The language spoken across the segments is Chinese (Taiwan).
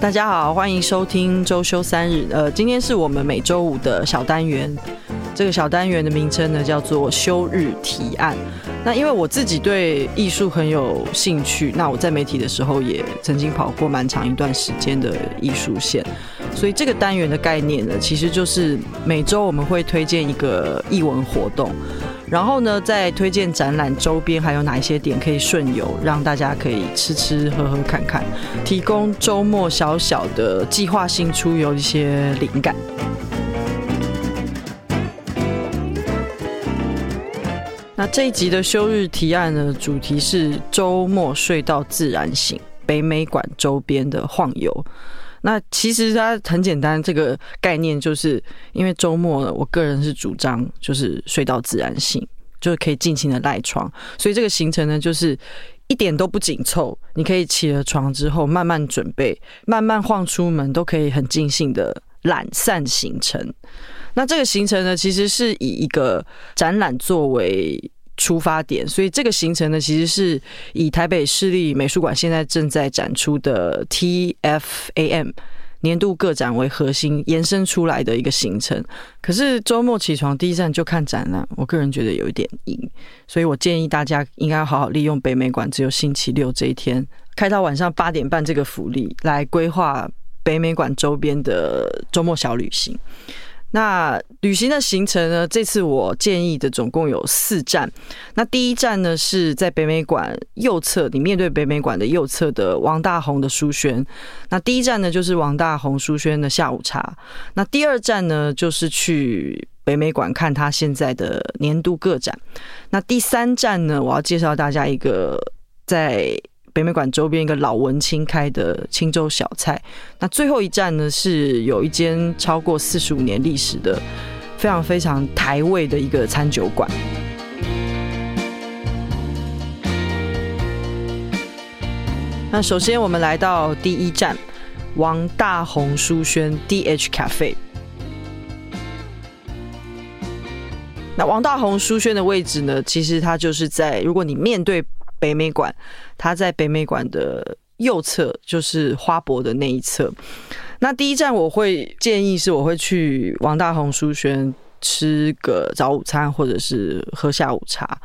大家好，歡迎收聽週休三日。呃，今天是我們每週五的小單元，這個小單元的名稱呢，叫做休日提案。那因為我自己對藝術很有興趣，那我在媒體的時候也曾經跑過蠻長一段時間的藝術線，所以這個單元的概念呢，其實就是每週我們會推薦一個藝文活動。然後呢，再推薦展覽周邊還有哪一些點可以順遊，讓大家可以吃吃喝喝看看，提供周末小小的計劃性出遊一些靈感。那這一集的休日提案呢，主題是周末睡到自然醒，北美館周邊的晃遊。那其實它很簡單，這個概念就是因為周末，我個人是主張就是睡到自然醒，就可以盡情的賴床，所以這個行程呢，就是一點都不緊湊，你可以起了床之後慢慢準備，慢慢晃出門，都可以很盡興的懶散行程。那這個行程呢，其實是以一個展覽作為出發點，所以這個行程呢，其實是以台北市立美術館現在正在展出的 TFAM 年度個展為核心延伸出來的一個行程。可是周末起床第一站就看展覽啊，我個人覺得有一點硬，所以我建議大家應該好好利用北美館只有星期六這一天開到晚上八點半這個福利，來規劃北美館周邊的周末小旅行。那旅行的行程呢，這次我建議的總共有四站。那第一站呢，是在北美館右側，你面對北美館的右側的王大閎的書軒。那第一站呢，就是王大閎書軒的下午茶。那第二站呢，就是去北美館看他現在的年度個展。那第三站呢，我要介紹大家一個在。北美館周邊一個老文青開的清粥小菜。那最後一站呢，是有一間超過四十五年歷史的，非常非常台味的一個餐酒館。那首先我們來到第一站，王大閎書軒 （DH Cafe）。那王大閎書軒的位置呢，其實它就是在如果你面對。北美館，它在北美館的右側，就是花博的那一側。那第一站我會建議是，我會去王大閎書軒吃個早午餐，或者是喝下午茶。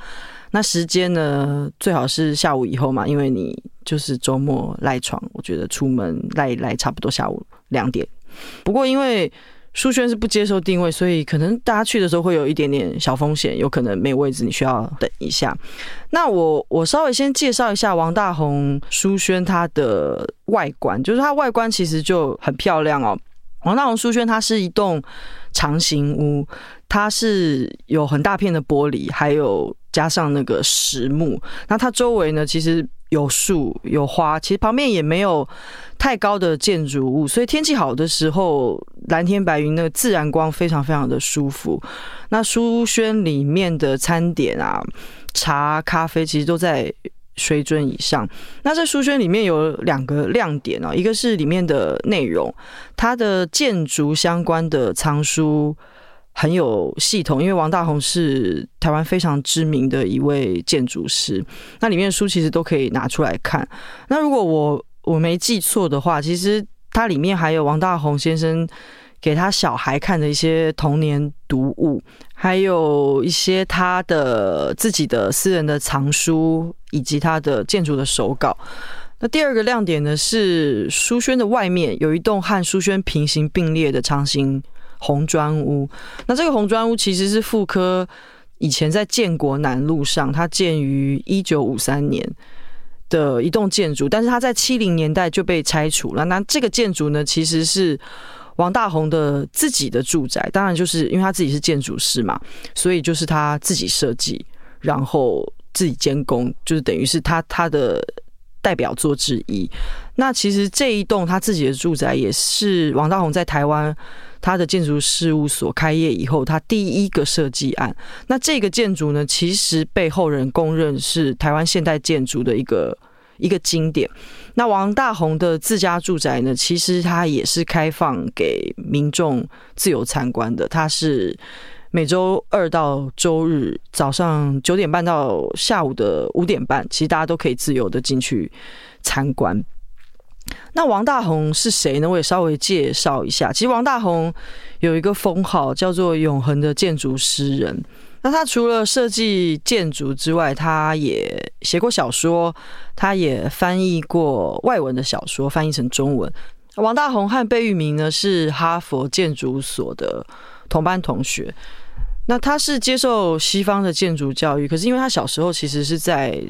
那時間呢，最好是下午以後嘛，因為你就是週末賴床，我覺得出門賴一賴差不多下午兩點。不過因為書軒是不接受定位，所以可能大家去的時候會有一點點小風險，有可能沒位置，你需要等一下。那我我稍微先介紹一下王大閎書軒它的外觀，就是它外觀其實就很漂亮哦。王大閎書軒它是一棟長形屋，它是有很大片的玻璃，還有加上那個實木。那它周圍呢，其實。有樹有花，其實旁邊也沒有太高的建築物，所以天氣好的時候，藍天白雲，那個自然光非常非常的舒服。那書軒裡面的餐點啊，茶咖啡其實都在水準以上。那在書軒裡面有兩個亮點啊，一個是裡面的內容，它的建築相關的藏書。很有系統，因為王大閎是台灣非常知名的一位建築師。那裡面的書其實都可以拿出來看。那如果我我沒記錯的話，其實它裡面還有王大閎先生給他小孩看的一些童年讀物，還有一些他的自己的私人的藏書，以及他的建築的手稿。那第二個亮點呢，是書軒的外面有一棟和書軒平行並列的長形，紅磚屋，那這個紅磚屋其實是復刻以前在建國南路上，它建於一九五三年的一棟建築，但是它在七零年代就被拆除了。那這個建築呢，其實是王大閎的自己的住宅，當然就是因為他自己是建築師嘛，所以就是他自己設計，然後自己監工，就是等於是他他的代表作之一。那其實這一棟他自己的住宅也是王大閎在台灣他的建築事務所開業以後，他第一個設計案。那這個建築呢，其實被後人公認是台灣現代建築的一個一個經典。那王大閎的自家住宅呢，其實他也是開放給民眾自由參觀的，它是。每週二到週日早上九點半到下午的五點半，其實大家都可以自由的進去參觀。那王大閎是誰呢？我也稍微介紹一下。其實王大閎有一個封號叫做“永恆的建築詩人”。那他除了設計建築之外，他也寫過小說，他也翻譯過外文的小說，翻譯成中文。王大閎和貝聿銘呢，是哈佛建築所的同班同學。那他是接受西方的建築教育，可是因為他小時候其實是在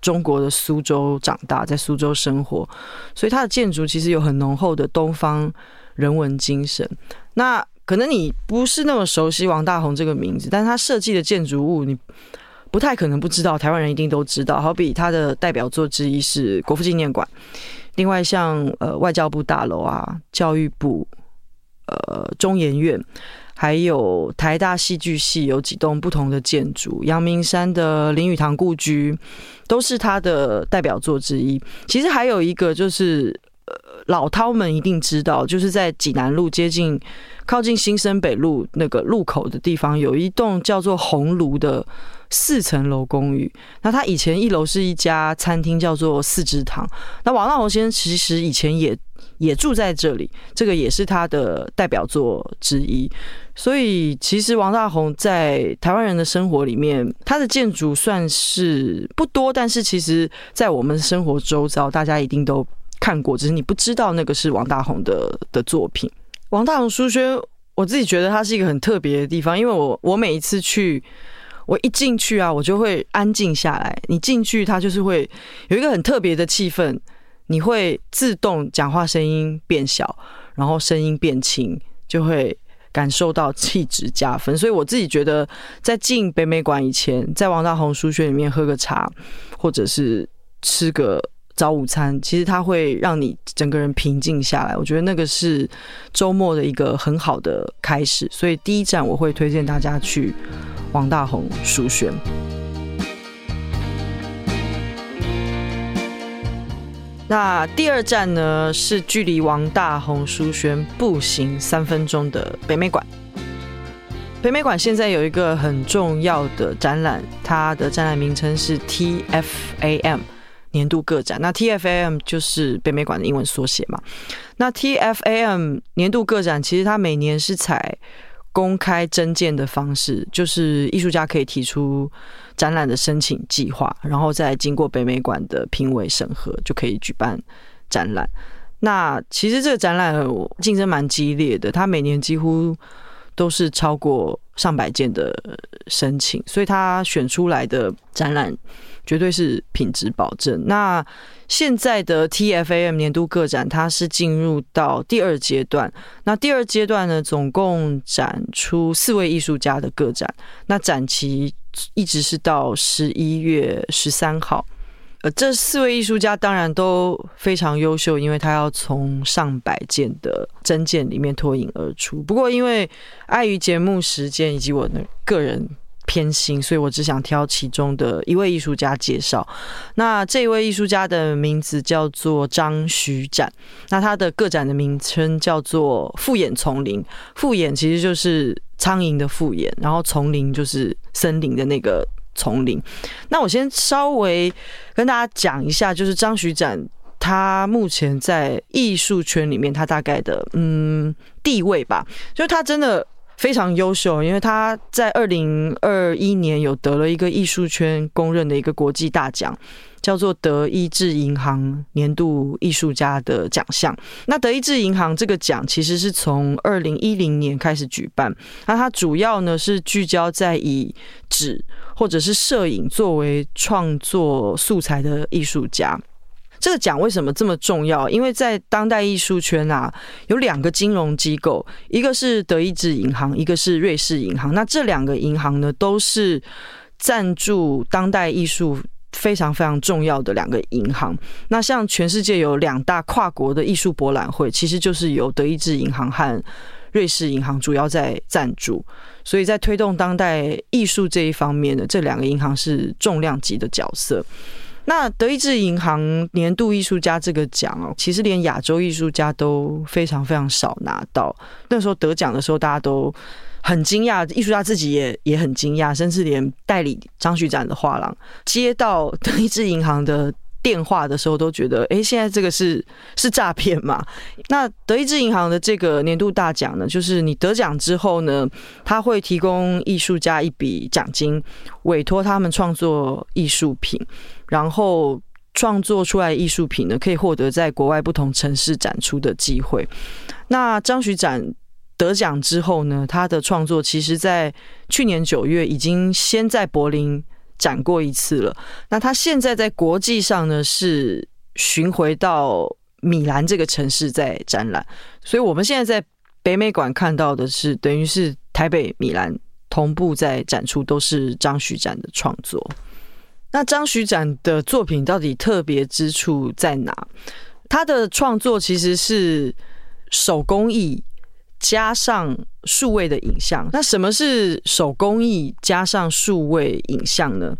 中國的蘇州長大，在蘇州生活，所以他的建築其實有很濃厚的東方人文精神。那可能你不是那麼熟悉王大閎這個名字，但是他設計的建築物你不太可能不知道，台灣人一定都知道。好比他的代表作之一是國父紀念館。另外像、像呃外交部大樓啊、教育部、呃中研院，還有台大戲劇系有幾棟不同的建築，陽明山的林語堂故居都是他的代表作之一。其實還有一個就是。老饕們一定知道，就是在濟南路接近靠近新生北路那個路口的地方，有一棟叫做“紅爐”的四層樓公寓。那他以前一樓是一家餐廳，叫做“四知堂”。那王大閎先生其實以前也也住在這裡，這個也是他的代表作之一。所以，其實王大閎在台灣人的生活裡面，他的建築算是不多，但是其實，在我們生活周遭，大家一定都。看過，只是你不知道那個是王大閎的的作品。王大閎書軒，我自己覺得他是一個很特別的地方，因為我我每一次去，我一進去啊，我就會安靜下來。你進去，他就是會有一個很特別的氣氛，你會自動講話聲音變小，然後聲音變輕，就會感受到氣質加分。所以我自己覺得，在進北美館以前，在王大閎書軒裡面喝個茶，或者是吃個。早午餐，其實它會讓你整個人平靜下來。我覺得那個是周末的一個很好的開始，所以第一站我會推薦大家去王大閎書軒。那第二站呢，是距離王大閎書軒步行三分鐘的北美館。北美館現在有一個很重要的展覽，它的展覽名稱是 TFAM。年度個展，那 TFAM 就是北美館的英文縮寫嘛。那 TFAM 年度個展，其實它每年是採公開徵件的方式，就是藝術家可以提出展覽的申請計劃，然後再經過北美館的評委審核，就可以舉辦展覽。那其實這個展覽競爭蠻激烈的，它每年幾乎都是超過。上百件的申請，所以他選出來的展覽絕對是品質保證。那現在的 TFAM 年度個展，它是進入到第二階段。那第二階段呢，總共展出四位藝術家的個展。那展期一直是到十一月十三號。呃，這四位藝術家當然都非常優秀，因為他要從上百件的徵件裡面脫穎而出。不過，因為礙於節目時間以及我的個人偏心，所以我只想挑其中的一位藝術家介紹。那這一位藝術家的名字叫做張徐展，那他的個展的名稱叫做《複眼叢林》。複眼其實就是蒼蠅的複眼，然後叢林就是森林的那個。叢林，那我先稍微跟大家講一下，就是張徐展他目前在藝術圈裡面他大概的嗯地位吧，就是他真的。非常優秀，因為他在二零二一年有得了一個藝術圈公認的一個國際大獎，叫做德意志銀行年度藝術家的獎項。那德意志銀行這個獎其實是從二零一零年開始舉辦，那它主要呢是聚焦在以紙或者是攝影作為創作素材的藝術家。這個獎為什麼這麼重要？因為在當代藝術圈啊，有兩個金融機構，一個是德意志銀行，一個是瑞士銀行。那這兩個銀行呢，都是贊助當代藝術非常非常重要的兩個銀行。那像全世界有兩大跨國的藝術博覽會，其實就是由德意志銀行和瑞士銀行主要在贊助。所以在推動當代藝術這一方面呢，這兩個銀行是重量級的角色。那德意志銀行年度藝術家這個獎哦，其實連亞洲藝術家都非常非常少拿到。那時候得獎的時候，大家都很驚訝，藝術家自己也也很驚訝，甚至連代理張徐展的畫廊接到德意志銀行的電話的時候，都覺得哎、欸，現在這個是是詐騙嘛？那德意志銀行的這個年度大獎呢，就是你得獎之後呢，他會提供藝術家一筆獎金，委託他們創作藝術品。然後創作出來藝術品呢，可以獲得在國外不同城市展出的機會。那張徐展得獎之後呢，他的創作其實，在去年九月已經先在柏林展過一次了。那他現在在國際上呢，是巡回到米蘭這個城市在展覽。所以，我們現在在北美館看到的是，等於是台北、米蘭同步在展出，都是張徐展的創作。那張徐展的作品到底特別之處在哪？他的創作其實是手工藝加上數位的影像。那什麼是手工藝加上數位影像呢？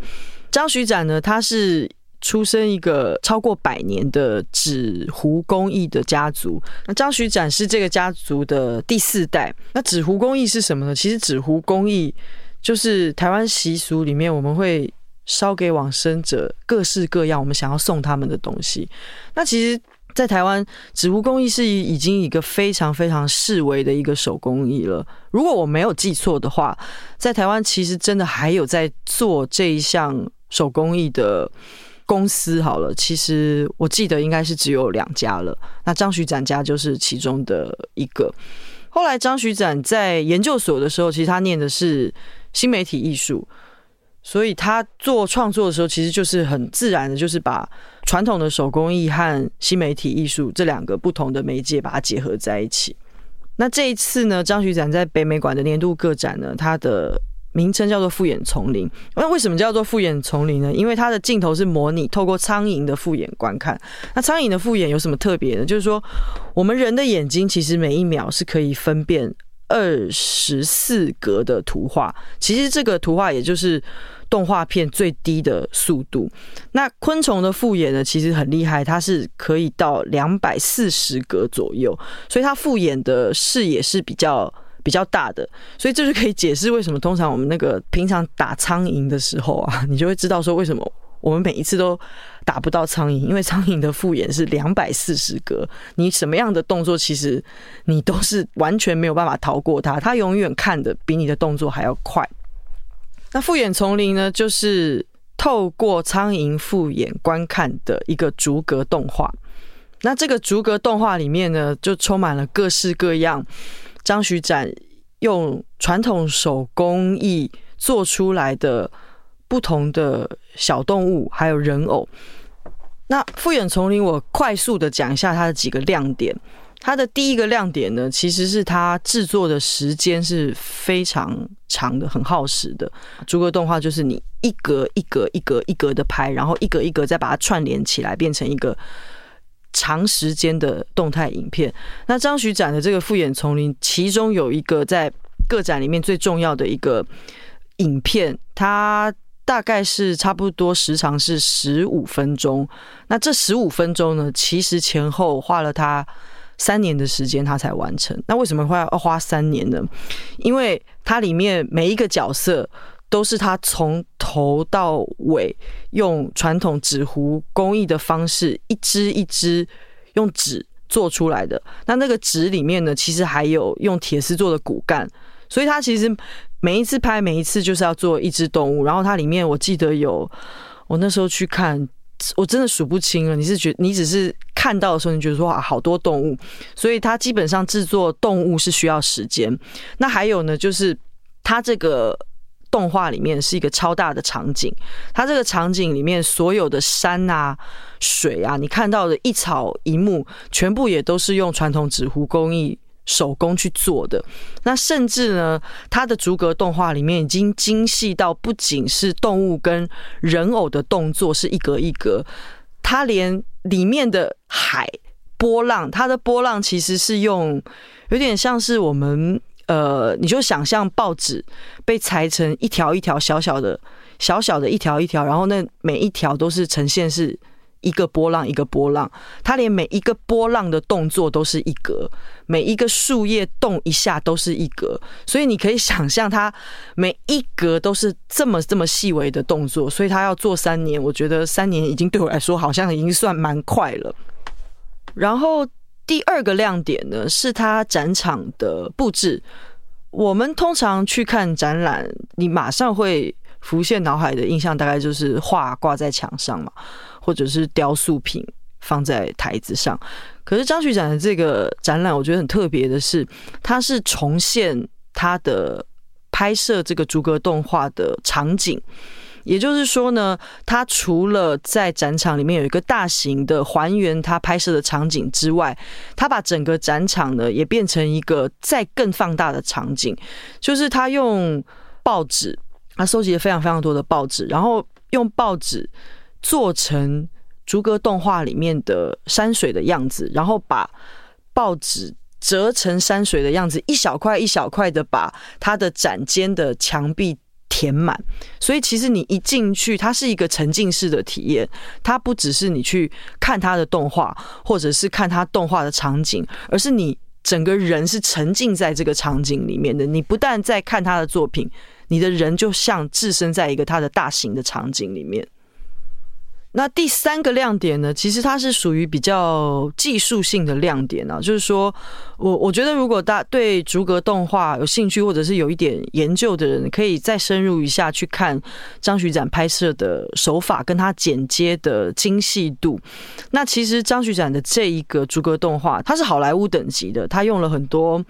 張徐展呢，他是出生一個超過百年的紙糊工藝的家族。那張徐展是這個家族的第四代。那紙糊工藝是什麼呢？其實紙糊工藝就是台灣習俗裡面我們會燒給往生者各式各樣，我們想要送他們的東西。那其實，在台灣，紙糊工藝是已經一個非常非常式微的一個手工藝了。如果我沒有記錯的話，在台灣其實真的還有在做這一項手工藝的公司。好了，其實我記得應該是只有兩家了。那張徐展家就是其中的一個。後來，張徐展在研究所的時候，其實他念的是新媒體藝術。所以他做創作的時候，其實就是很自然的，就是把傳統的手工藝和新媒體藝術這兩個不同的媒介，把它結合在一起。那這一次呢，張徐展在北美館的年度個展呢，他的名稱叫做“複眼叢林”。那為什麼叫做“複眼叢林”呢？因為它的鏡頭是模擬透過蒼蠅的複眼觀看。那蒼蠅的複眼有什麼特別呢？就是說，我們人的眼睛其實每一秒是可以分辨。二十四格的圖畫，其實這個圖畫也就是動畫片最低的速度。那昆蟲的複眼呢，其實很厲害，它是可以到兩百四十格左右，所以它複眼的視野是比較比較大的。所以這就可以解釋為什麼通常我們那個平常打蒼蠅的時候啊，你就會知道說為什麼我們每一次都。打不到蒼蠅，因為蒼蠅的複眼是兩百四十格，你什麼樣的動作，其實你都是完全沒有辦法逃過它。它永遠看的比你的動作還要快。那複眼叢林呢，就是透過蒼蠅複眼觀看的一個逐格動畫。那這個逐格動畫裡面呢，就充滿了各式各樣張徐展用傳統手工藝做出來的。不同的小動物還有人偶。那《複眼叢林》，我快速的講一下它的幾個亮點。它的第一個亮點呢，其實是它制作的時間是非常長的，很耗時的。逐格動畫就是你一格一格一格一格的拍，然後一格一格再把它串聯起來，變成一個長時間的動態影片。那張徐展的這個《複眼叢林》，其中有一個在個展裡面最重要的一個影片，它，大概是差不多時長是十五分鐘，那這十五分鐘呢，其實前後花了他三年的時間，他才完成。那為什麼會要花三年呢？因為它裡面每一個角色都是他從頭到尾用傳統紙糊工藝的方式，一支一支用紙做出來的。那那個紙裡面呢，其實還有用鐵絲做的骨幹，所以他其實。每一次拍，每一次就是要做一隻動物，然後它裡面，我記得有，我那時候去看，我真的數不清了。你是覺得，你只是看到的時候，你覺得說啊，好多動物，所以它基本上制作動物是需要時間。那還有呢，就是它這個動畫裡面是一個超大的場景，它這個場景裡面所有的山啊、水啊，你看到的一草一木，全部也都是用傳統紙糊工藝。手工去做的，那甚至呢，它的逐格動畫裡面已經精細到，不僅是動物跟人偶的動作是一格一格，它連裡面的海波浪，它的波浪其實是用有點像是我們呃，你就想象報紙被裁成一條一條小小的、小小的，一條一條，然後那每一條都是呈現是。一個波浪一個波浪，它連每一個波浪的動作都是一格，每一個樹葉動一下都是一格，所以你可以想象它每一格都是這麼這麼細微的動作，所以它要做三年，我覺得三年已經對我來說好像已經算蠻快了。然後第二個亮點呢，是它展場的布置。我們通常去看展覽，你馬上會浮現腦海的印象，大概就是畫掛在牆上嘛。或者是雕塑品放在台子上，可是張徐展的這個展覽，我覺得很特別的是，它是重現他的拍攝這個逐格動畫的場景。也就是說呢，他除了在展場裡面有一個大型的還原他拍攝的場景之外，他把整個展場呢也變成一個再更放大的場景，就是他用報紙，他收集了非常非常多的報紙，然後用報紙。做成逐格動畫裡面的山水的樣子，然後把報紙折成山水的樣子，一小塊一小塊的把它的展間的牆壁填滿。所以其實你一進去，它是一個沉浸式的體驗。它不只是你去看它的動畫，或者是看它動畫的場景，而是你整個人是沉浸在這個場景裡面的。你不但在看他的作品，你的人就像置身在一個他的大型的場景裡面。那第三個亮點呢？其實它是屬於比較技術性的亮點啊。就是說我我覺得，如果大對逐格動畫有興趣，或者是有一點研究的人，可以再深入一下去看張徐展拍攝的手法，跟他剪接的精細度。那其實張徐展的這一個逐格動畫，它是好萊塢等級的，他用了很多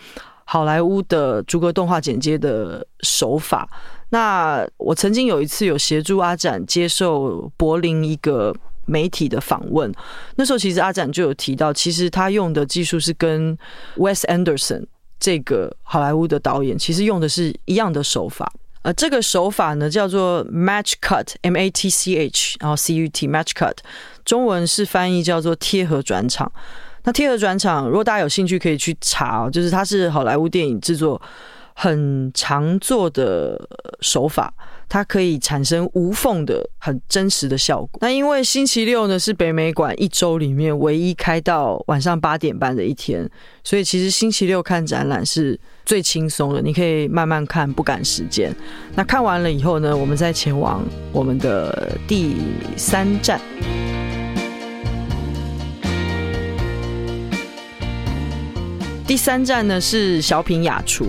好萊塢的逐格動畫剪接的手法。那我曾經有一次有協助阿展接受柏林一個媒體的訪問，那時候其實阿展就有提到，其實他用的技術是跟 Wes Anderson 這個好萊塢的導演其實用的是一樣的手法。呃，這個手法呢叫做 match cut，M-A-T-C-H，然後 C-U-T，match cut，中文是翻譯叫做貼合轉場。那貼合轉場，如果大家有興趣可以去查，就是它是好萊塢電影製作。很常做的手法，它可以產生無縫的、很真實的效果。那因為星期六呢是北美館一周裡面唯一開到晚上八點半的一天，所以其實星期六看展覽是最輕鬆的，你可以慢慢看，不趕時間。那看完了以後呢，我們再前往我們的第三站。第三站呢是小品雅廚。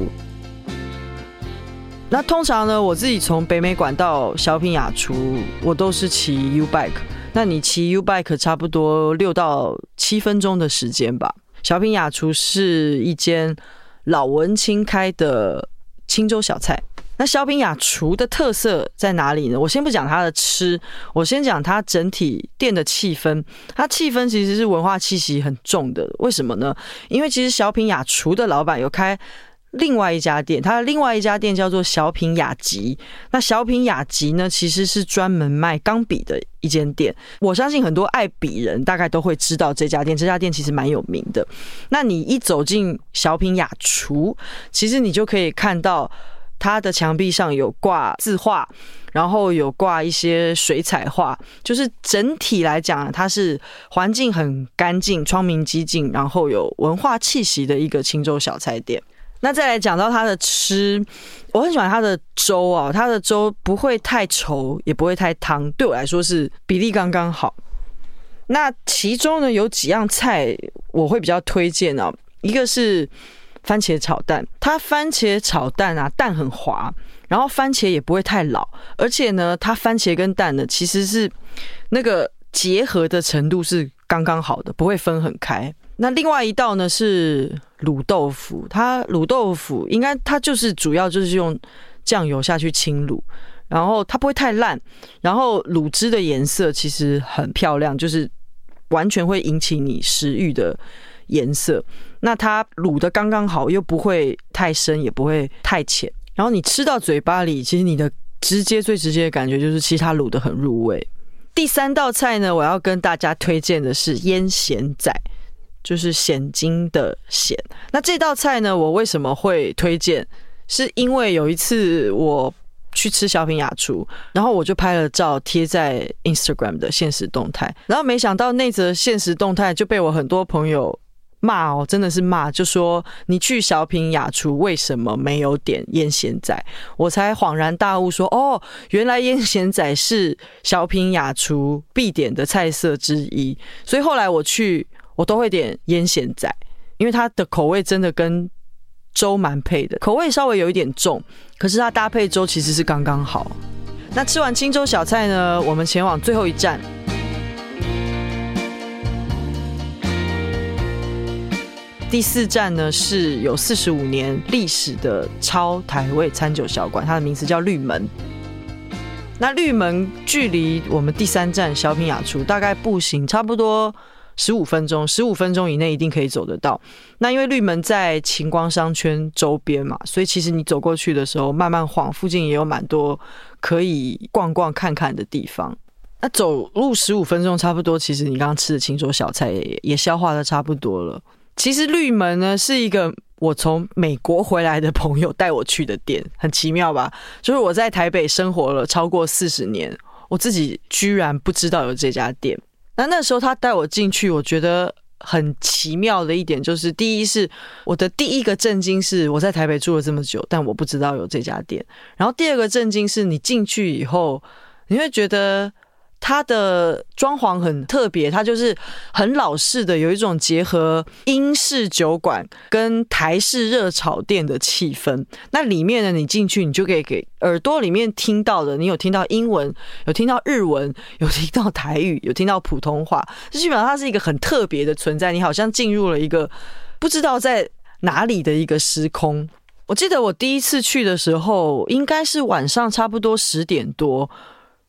那通常呢，我自己從北美館到小品雅廚，我都是騎 U bike。那你騎 U bike 差不多六到七分鐘的時間吧。小品雅廚是一間老文青開的清粥小菜。那小品雅廚的特色在哪裡呢？我先不講它的吃，我先講它整體店的氣氛。它氣氛其實是文化氣息很重的。為什麼呢？因為其實小品雅廚的老闆有開。另外一家店，它的另外一家店叫做小品雅集。那小品雅集呢，其實是專門賣鋼筆的一間店。我相信很多愛筆人，大概都會知道這家店。這家店其實蠻有名的。那你一走進小品雅廚，其實你就可以看到它的牆壁上有掛字畫，然後有掛一些水彩畫。就是整體來講，它是環境很乾淨、窗明幾淨，然後有文化氣息的一個清粥小菜店。那再來講到它的吃，我很喜歡它的粥啊、哦，它的粥不會太稠，也不會太湯，對我來說是比例剛剛好。那其中呢有幾樣菜我會比較推薦哦，一個是番茄炒蛋，它番茄炒蛋啊，蛋很滑，然後番茄也不會太老，而且呢它番茄跟蛋呢其實是那個結合的程度是剛剛好的，不會分很開。那另外一道呢是滷豆腐，它滷豆腐應該它就是主要就是用醬油下去清滷，然後它不會太爛，然後滷汁的顏色其實很漂亮，就是完全會引起你食欲的顏色。那它滷的剛剛好，又不會太深，也不會太淺。然後你吃到嘴巴裡，其實你的直接最直接的感覺就是，其實它滷的很入味。第三道菜呢，我要跟大家推薦的是醃鹹仔。就是蜆精的蜆，那這道菜呢？我為什麼會推薦？是因為有一次我去吃小品雅廚，然後我就拍了照貼在 Instagram 的限時動態，然後沒想到那則限時動態就被我很多朋友罵哦，真的是罵，就說你去小品雅廚為什麼沒有點醃蜆仔？我才恍然大悟說，哦，原來醃蜆仔是小品雅廚必點的菜色之一，所以後來我去。我都會點醃鹹仔，因為它的口味真的跟粥蠻配的，口味稍微有一點重，可是它搭配粥其實是剛剛好。那吃完清粥小菜呢，我們前往最後一站，第四站呢是有四十五年歷史的超台味餐酒小館，它的名字叫綠門。那綠門距離我們第三站小品雅廚大概步行差不多。十五分鐘，十五分鐘以內一定可以走得到。那因為綠門在晴光商圈周邊嘛，所以其實你走過去的時候，慢慢晃，附近也有蠻多可以逛逛看看的地方。那走路十五分鐘，差不多。其實你剛剛吃的清粥小菜也也消化的差不多了。其實綠門呢，是一個我從美國回來的朋友帶我去的店，很奇妙吧？就是我在台北生活了超過四十年，我自己居然不知道有這家店。那那時候他帶我進去，我覺得很奇妙的一點就是，第一是我的第一個震驚是我在台北住了這麼久，但我不知道有這家店。然後第二個震驚是，你進去以後，你會覺得。它的裝潢很特別，它就是很老式的，有一種結合英式酒館跟台式熱炒店的氣氛。那裡面呢，你進去，你就可以給耳朵裡面聽到的，你有聽到英文，有聽到日文，有聽到台語，有聽到普通話。基本上，它是一個很特別的存在，你好像進入了一個不知道在哪裡的一個時空。我記得我第一次去的時候，應該是晚上差不多十點多。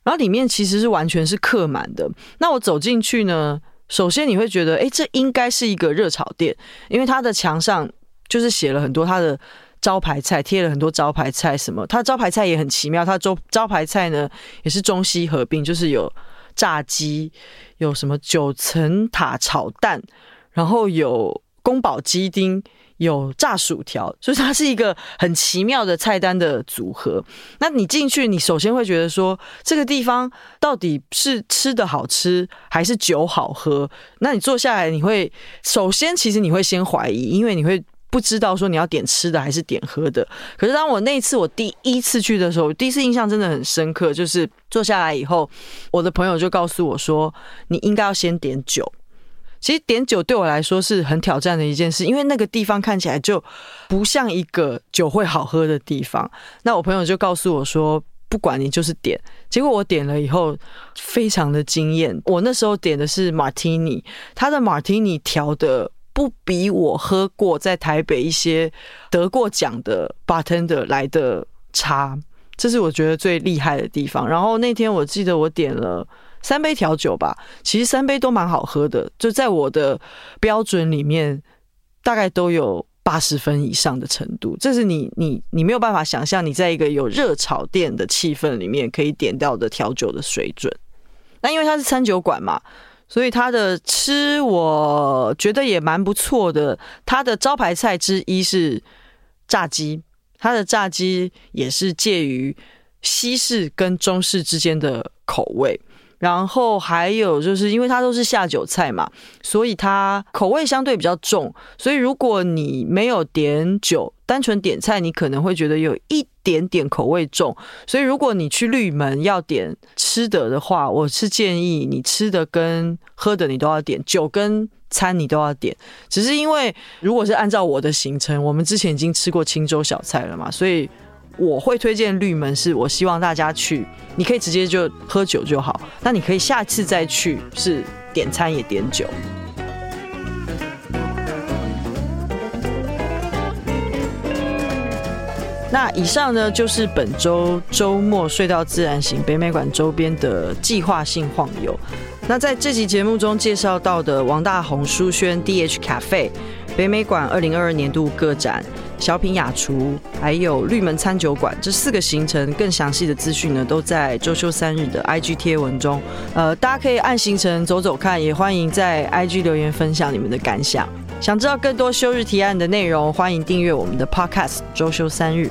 然後裡面其實是完全是客滿的。那我走進去呢，首先你會覺得，誒，這應該是一個熱炒店，因為它的牆上就是寫了很多它的招牌菜，貼了很多招牌菜什麼。它招牌菜也很奇妙，它招招牌菜呢也是中西合併，就是有炸雞，有什麼九層塔炒蛋，然後有宮保雞丁。有炸薯條，所以它是一個很奇妙的菜單的組合。那你進去，你首先會覺得說，這個地方到底是吃的好吃還是酒好喝？那你坐下來，你會首先其實你會先懷疑，因為你會不知道說你要點吃的還是點喝的。可是當我那次我第一次去的時候，第一次印象真的很深刻，就是坐下來以後，我的朋友就告訴我說，你應該要先點酒。其實點酒對我來說是很挑戰的一件事，因為那個地方看起來就不像一個酒會好喝的地方。那我朋友就告訴我說，不管你就是點。結果我點了以後，非常的驚艷。我那時候點的是馬提尼，他的馬提尼調的不比我喝過在台北一些得過獎的 bartender 來的差，這是我覺得最厲害的地方。然後那天我記得我點了。三杯調酒吧，其實三杯都蠻好喝的，就在我的標準裡面，大概都有八十分以上的程度。這是你你你沒有辦法想象，你在一個有熱炒店的氣氛裡面可以點到的調酒的水準。那因為它是餐酒館嘛，所以它的吃我覺得也蠻不錯的。它的招牌菜之一是炸雞，它的炸雞也是介於西式跟中式之間的口味。然後還有就是，因為它都是下酒菜嘛，所以它口味相對比較重。所以如果你沒有點酒，單純點菜，你可能會覺得有一點點口味重。所以如果你去綠門要點吃的的話，我是建議你吃的跟喝的你都要點，酒跟餐你都要點。只是因為如果是按照我的行程，我們之前已經吃過清粥小菜了嘛，所以。我會推薦綠門，是我希望大家去，你可以直接就喝酒就好。那你可以下次再去，是點餐也點酒。 那以上呢就是本週周末睡到自然醒，北美館周邊的計劃性晃遊。那在這期節目中介紹到的王大閎書軒、D H Cafe、北美館二零二二年度個展。小品雅廚，還有綠門餐酒館，這四個行程更詳細的資訊呢，都在週休三日的 IG 貼文中。呃，大家可以按行程走走看，也歡迎在 IG 留言分享你們的感想。想知道更多休日提案的內容，歡迎訂閱我們的 Podcast《週休三日》。